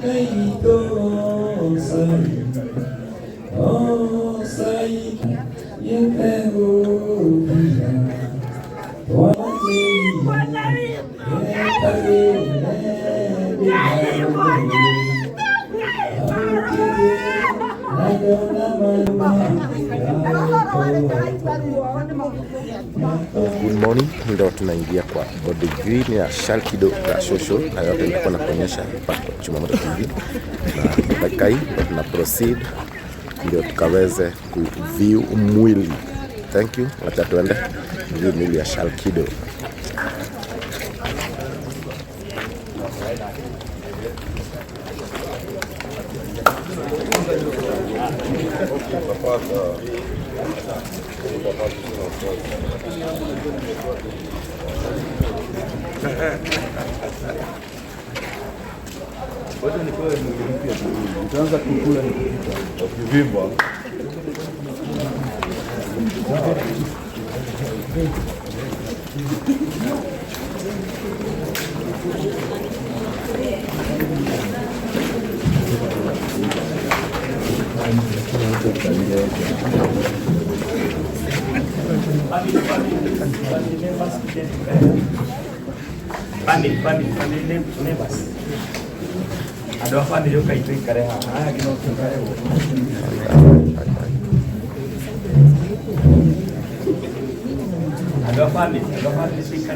kay don't iyo. kuingia kwa bodi green ya Shal ya social, na yote nilikuwa nakuonyesha hapa kwa Chumamoto TV, na dakika hii tuna proceed ndio tukaweze kuview mwili. Thank you, wacha tuende view mwili ya Shal Utaanza kukula nikipita ukivimba. Pandi, pandi, pandi neighbors. Andå a bamĩrĩ å kaitå haha aya ngä no kä ikare andå a bamĩrĩ andå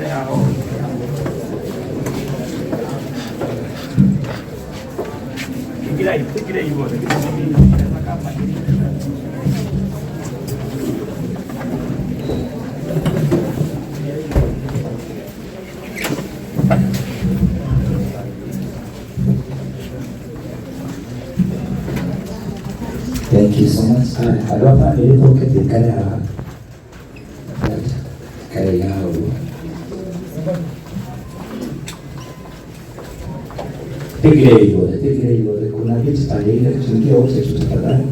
a bamĩrĩ Thank you so much. Hapa nilipo katika kale yao tekelei bora, tekelei bora. Kuna kitu pale ile tukiongea wote tutafadhali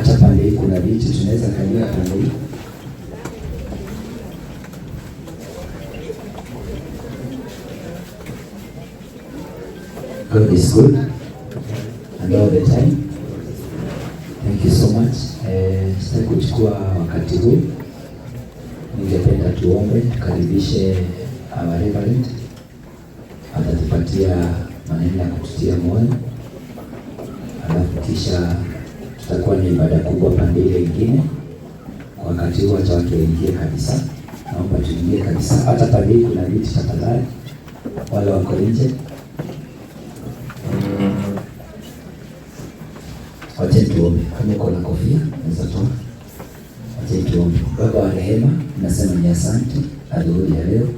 acha pande hii kuna viti tunaweza kalia pande hii. God is good and all the time. Thank you so much. Eh, sitaki kuchukua wakati huu, ningependa tuombe, tukaribishe our reverend atatupatia maneno ibada kubwa pande ile ingine. Wakati huo hata watu waingie kabisa, naomba tuingie kabisa. Hata pande hii kuna viti tafadhali, wale wako nje Wacha tuombe. Kama uko na kofia naweza toa. Wacha tuombe. Baba wa rehema, nasema ni asante adhuhuri ya leo,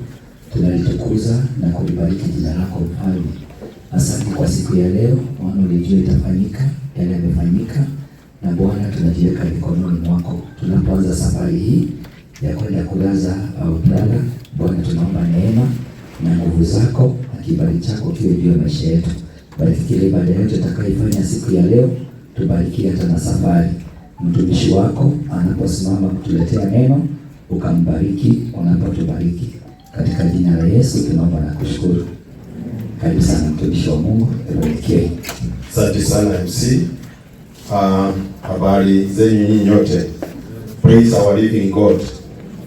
tunalitukuza na kulibariki jina lako Mfalme. Asante kwa siku ya leo, maana ulijua itafanyika yale yamefanyika na Bwana tunajiweka mikononi mwako tunapoanza safari hii ya kwenda kulaza au kulala. Bwana tunaomba neema na nguvu zako na kibali chako kiwe juu ya maisha yetu. Bariki kile ibada yote tutakayoifanya siku ya leo, tubarikie hata na safari. Mtumishi wako anaposimama kutuletea neno, ukambariki unapotubariki, katika jina la Yesu tunaomba na kushukuru. Karibu sana mtumishi wa Mungu, tubarikiwe. Asante sana MC. Um, habari uh, zenyu nyinyi nyote. Praise our living God.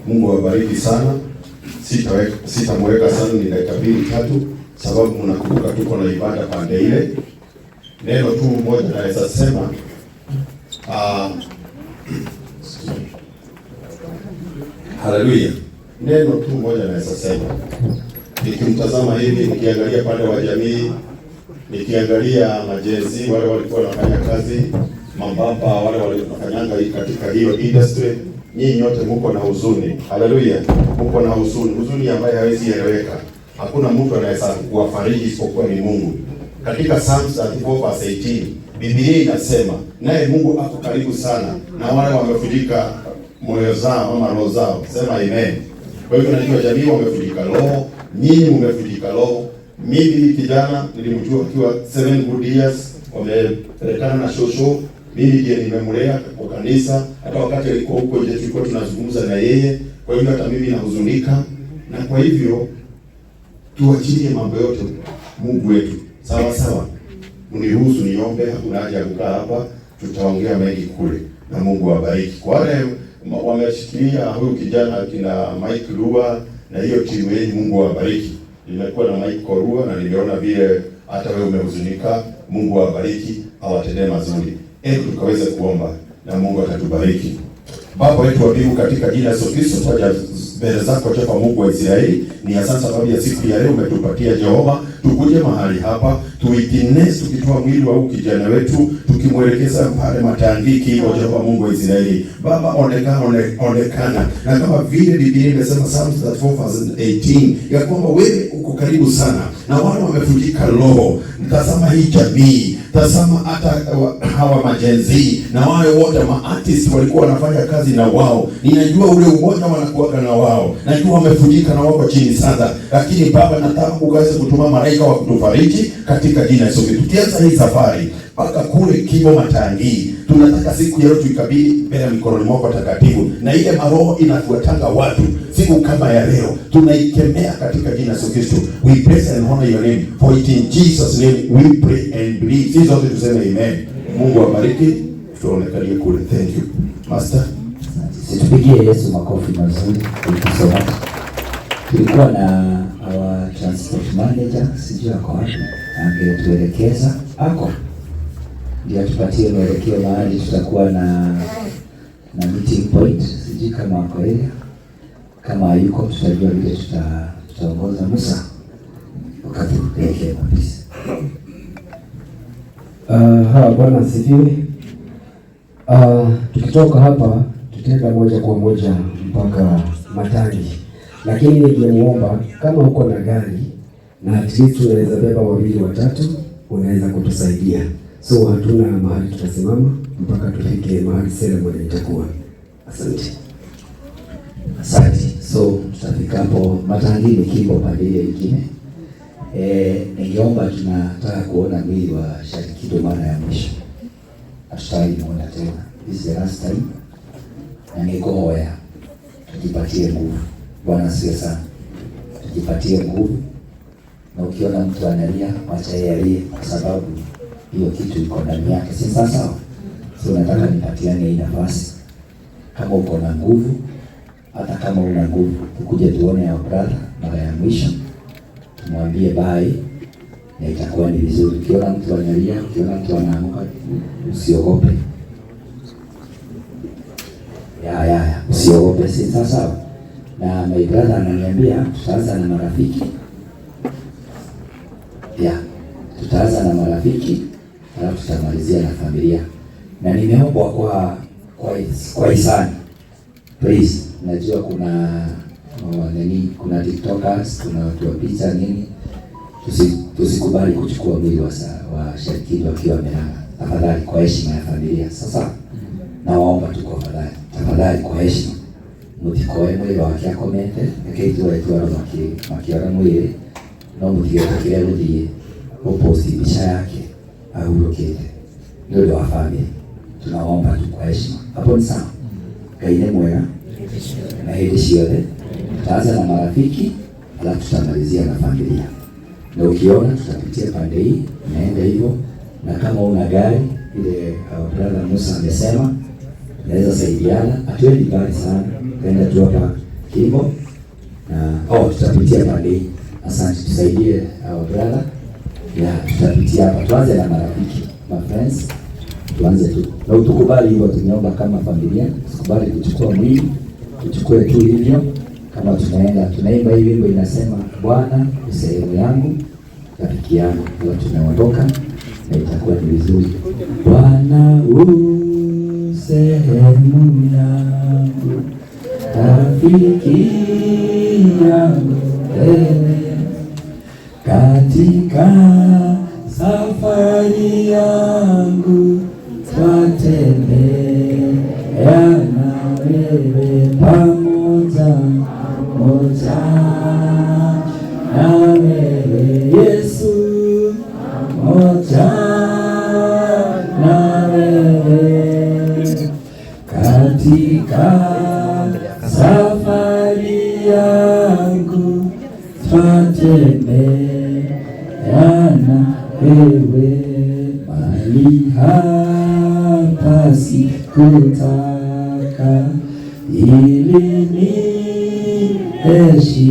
Mungu awabariki sana. Sitamweka sana, ni dakika mbili tatu, sababu mnakumbuka tuko na ibada pande ile. Neno tu moja naweza sema uh, um, haleluya. Neno tu moja naweza sema, nikimtazama hivi, nikiangalia pande wa jamii, nikiangalia majezi wale walikuwa wanafanya kazi mababa wale wale tunafanyanga hii katika hiyo industry, nyinyi nyote mko na huzuni. Haleluya, mko na huzuni, huzuni ambayo hawezi eleweka. Hakuna mtu anaweza kuwafariji isipokuwa ni Mungu. Katika Psalms 34:18 Biblia inasema naye Mungu ako karibu sana na wale wamefujika moyo zao ama roho zao. Sema amen. Kwa hivyo najua jamii wamefujika roho, nyinyi mmefujika roho. Mimi kijana nilimjua akiwa 7 good years, wamepelekana na shosho mimi ndiye nimemlea kwa kanisa, hata wakati alikuwa huko nje tulikuwa tunazungumza na yeye, kwa hivyo hata mimi nahuzunika, na kwa hivyo tuachilie mambo yote Mungu wetu. Sawa sawa, mniruhusu niombe, hakuna haja ya kukaa hapa, tutaongea mengi kule, na Mungu awabariki kwa wale wameshikilia huyu kijana kina Mike Lua na hiyo timu yenu, Mungu awabariki. Nimekuwa na Mike Korua na niliona vile hata wewe umehuzunika. Mungu awabariki, awatendee mazuri. Hebu tukaweze kuomba na Mungu atatubariki. Baba wetu wa mbingu, katika jina la Yesu Kristo, tuja mbele zako, Jehova Mungu wa Israeli, ni asante sababu ya siku ya leo umetupatia Jehova tukuje mahali hapa tuitines, tukitoa mwili wa kijana wetu, tukimwelekeza pale matangiki, moja kwa Mungu wa Israeli, Baba onekana, onekana. Na kama vile Biblia imesema Psalm 34:18 ya kwamba wewe uko karibu sana na wale wamevunjika roho. Tazama hii jamii, tazama hata hawa majenzi na wale wote maartist walikuwa wanafanya kazi na wao. Ninajua ule umoja wanakuaga na wao, najua wamevunjika na wako chini sana, lakini Baba nataka natambukaze kutuma mara malaika wa kutufariki katika jina Yesu Kristo. Tukianza hii safari mpaka kule Kibo Matangi, tunataka siku ya leo tuikabili mbele ya mikononi mwako takatifu, na ile maroho inafuatanga watu siku kama ya leo tunaikemea katika jina Yesu Kristo. We praise and honor your name for it in Jesus name we pray and believe. Sisi wote tuseme amen. Mungu awabariki, tutaonekania kule. Thank you master. Tupigie Yesu makofi mazuri. Thank you so much tulikuwa na our transport manager, sijui ako wapi, angetuelekeza ako ndio tupatie mwelekeo mahali tutakuwa na na meeting point. Sijui kama wako area, kama hayuko tutajua vile tuta tutaongoza. Musa, wakati upelekee kabisa. Uh, Bwana asifiwe. Uh, tukitoka hapa tutaenda moja kwa moja mpaka Matani lakini ningemuomba kama uko na gari na at least unaweza beba wawili watatu, unaweza kutusaidia. So hatuna mahali tutasimama mpaka tufike mahali ceremony itakuwa. Asante, asante. So tutafika hapo Matangi kimbo pande ile nyingine. E, ningeomba tunataka kuona mwili wa Sharikido mara ya mwisho, hatutawai muona tena, this is the last time, na ningehoya tujipatie nguvu Bwana asiwe sana, tujipatie nguvu, na ukiona mtu analia, wacha yeye alie, kwa sababu hiyo kitu iko ndani yake, si sawa sawa? So nataka nipatiane hii nafasi, kama uko na nguvu, hata kama una nguvu, ukuje tuone ya brother mara ya mwisho, tumwambie bye na itakuwa ni vizuri. Ukiona mtu analia, ukiona mtu anaanguka, usiogope. Ya, ya, ya, usiogope, si sawa sawa? na my brother ananiambia tutaanza na marafiki ya tutaanza na marafiki alafu tutamalizia na familia, na nimeombwa kwa kwa kwa hisani please. Najua kuna uh, oh, nini, kuna tiktokers kuna watu wa pizza nini, tusikubali tusi kuchukua mwili wa, wa shirikini wakiwa wamelala. Tafadhali kwa heshima ya familia. Sasa nawaomba tu kwa tafadhali, tafadhali kwa heshima mutikoe mwira wake akomete reke itura itwarwo makiaga mwiri no mutigetũkĩre gũthiĩ gũposti mbica yake ahurũkĩte nĩ ũndũ wa bamĩrĩ tunaomba tu kwa heshima hapo ni sawa Ngai ni mwema na hili siole taza na marafiki alafu tutamalizia na familia na ukiona tutapitia pande hii naenda hivyo na kama una gari ile uh, brother Musa amesema naweza saidiana atuendi mbali sana kaenda tu hapa hivyo na oh, tutapitia pande hii. Asante, tusaidie our brother ya tutapitia hapa, tuanze na marafiki my friends, tuanze tu na utukubali hivyo. Tumeomba kama familia, tukubali kuchukua mwili, tuchukue tu hivyo kama tunaenda tunaimba hii wimbo inasema, Bwana ni sehemu yangu, rafiki yangu, kwa tunaondoka na itakuwa ni vizuri. Bwana u sehemu yangu rafiki yangu wewe, katika safari yangu twatembea na wewe pamoja moja Bwana wewe mahali hapa sikutaka ili ni eshi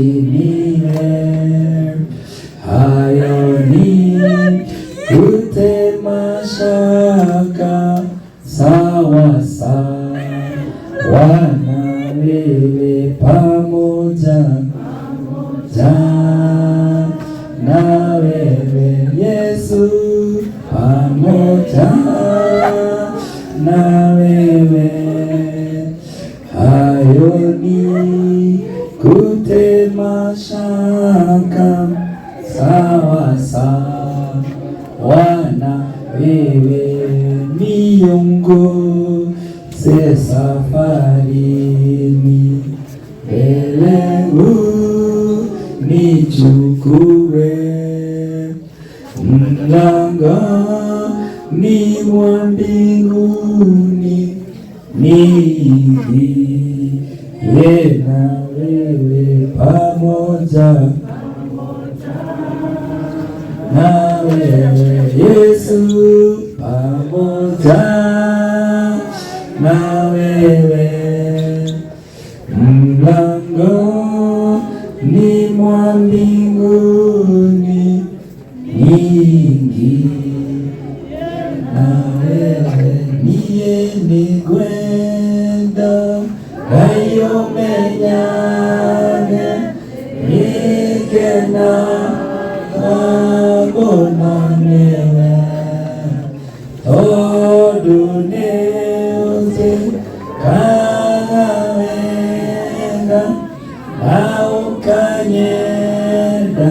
Tuanze safarini Belengu, nichukue mlangoni mwa mbinguni, niingie na wewe pamoja na wewe tena nakumonewe o dunia uzikawenda na ukanyenda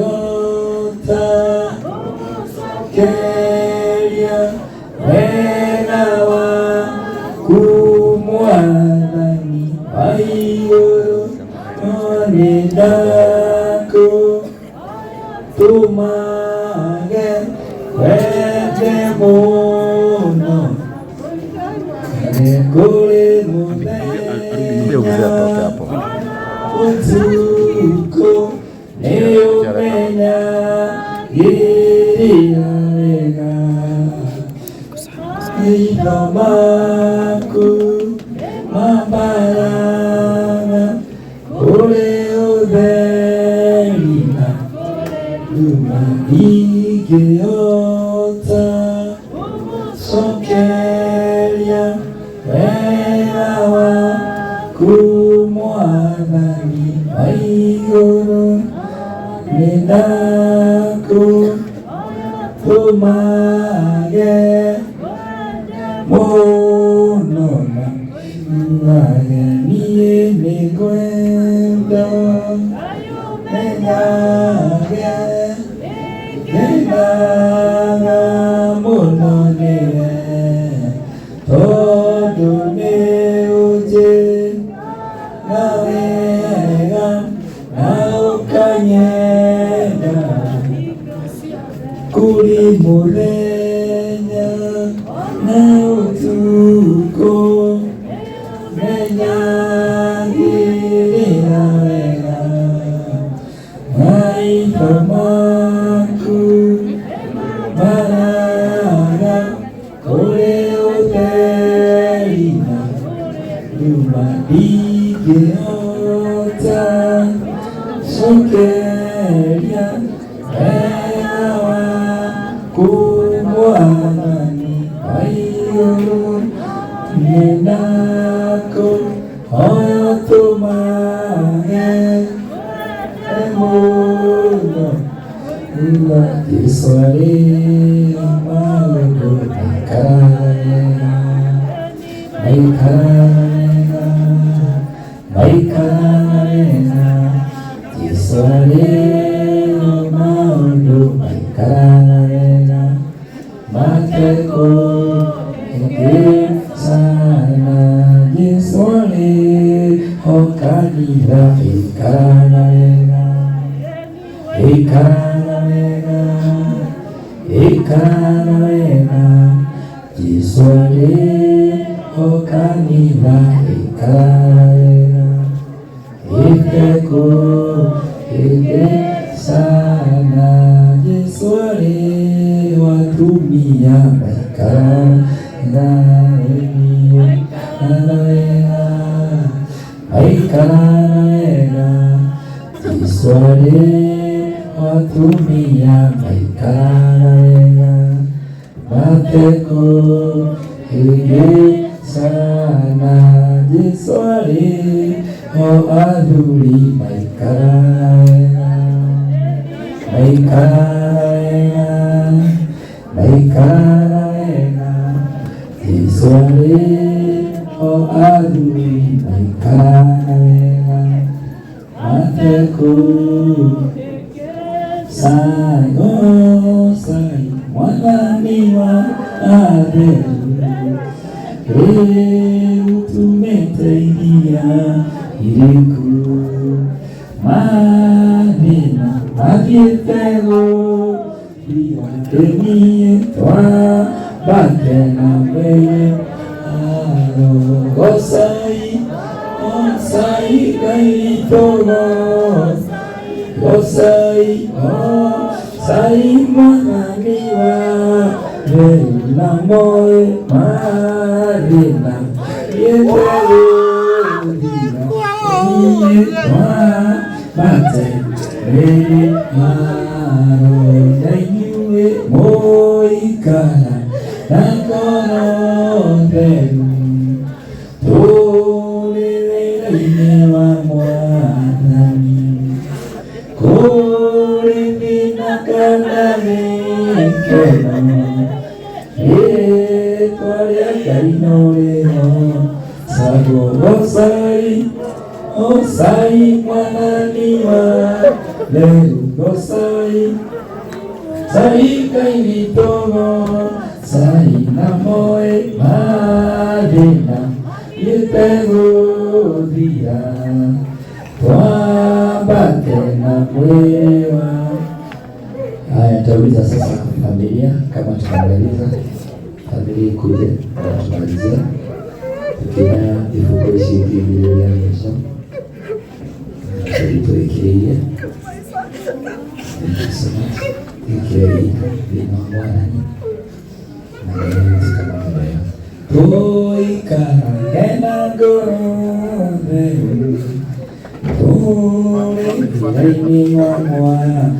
Maku mapalana ule udhema umaige yote sokelia wema waku mwanani wa iguru ninako na ukanyenda kulimure I'm aikaraena jiswale watumia maikaraena mateko hige sana jiswale oadhuri maikaraena maikaraena maikaraena jiswale oadhuri Haikanalewa mateku Sayo sayo Mwanami wa Adelu Leo tumetaidia Iliku Twa Bakena Mwe sai cây cho lo lo sai o sai mà đi wa re na moi ma re na ye te ru di na ni ma ma te re ma ro dai ni we moi ka Ninaolewa Sago Gosai Gosai mwananiwa Leru Gosai Sai kaivitogo Sai namoe Madena Yetego Twambate na mwewa Haya, tauliza sasa familia kama tunamaliza 아들이 만세 tutela di fuocoisiti migliori che so perito di Chirie di Chirie di non guarani ma non mi scappa bene poi carandena gorove poi carandena gorove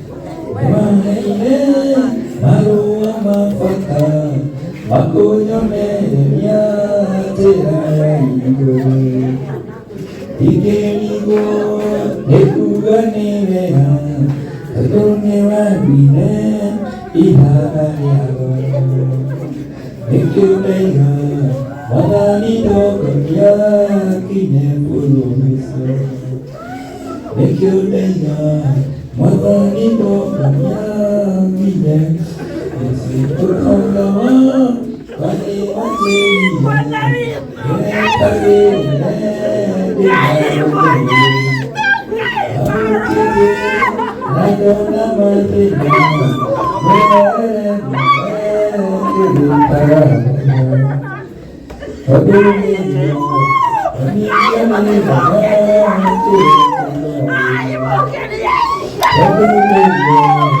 Manene, Marua Mafaka, Makonya Melemia, Terayango. Ikerigo, Ekuga Nevea, Katonge Wabine, Ihara Yago. Ekumega, Wadani Dokonya, Kine Pulumiso. Ekumega, وذلكم يومئذ يصيب الحكماء والمسلمين يتبعون Дякую.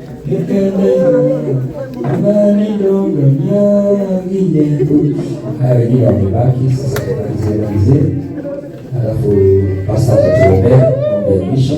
Hayo ndio yamebaki sasa, tumalizie, alafu pasta atatuombea maombi ya mwisho.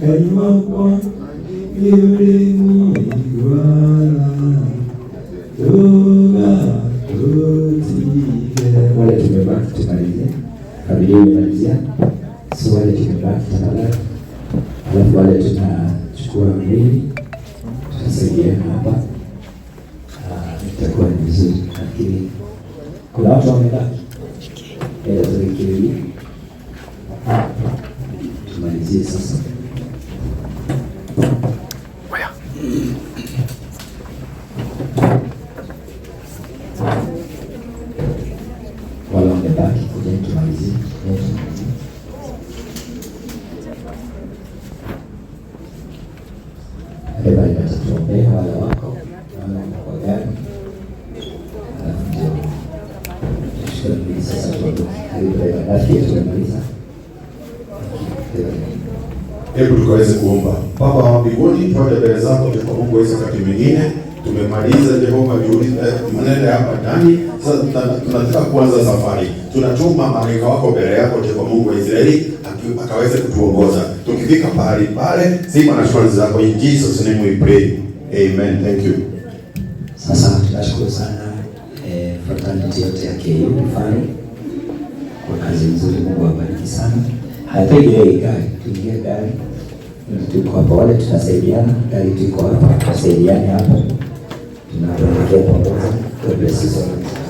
kay Magwan, baki eh ah ah, Hebu tukaweze kuomba. Baba wa mbinguni, twaja mbele zako kwa Mungu wetu, wakati mwingine tumemaliza Jehova juhudi, tunaenda hapa ndani sasa, tunataka kuanza safari tunatuma malaika wako mbele yako, kwa Mungu wa Israeli akaweze kutuongoza tukifika pahali pale, sifa na shukrani zako. In Jesus name we pray, amen. Thank you. Sasa tunashukuru sana eh, fraternity yote ya KU Rufari kwa kazi nzuri. Mungu awabariki sana. Hata ile gari tuingie gari, tuko hapa, wale tutasaidiana, gari tuko hapa, tutasaidiana hapa, tunaelekea pamoja. God bless you so much.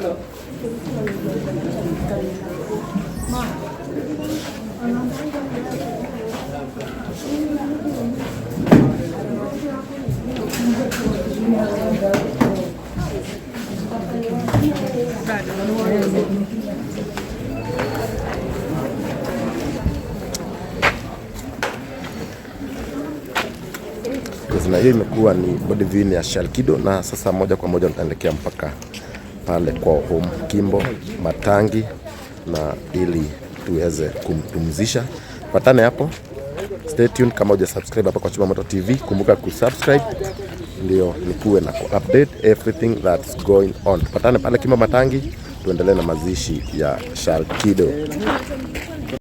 Hello. Hazina hiyo imekuwa ni bodi vini ya Shalkido, na sasa moja kwa moja nitaelekea mpaka pale kwa kimbo Matangi, na ili tuweze kumtumzisha Patane hapo, stay tuned. Kama uja subscribe hapa kwa Chuma Moto TV, kumbuka kusubscribe ndio nikuwe na update everything that's going on. Patane pale Kimbo Matangi, tuendelee na mazishi ya Sharkido.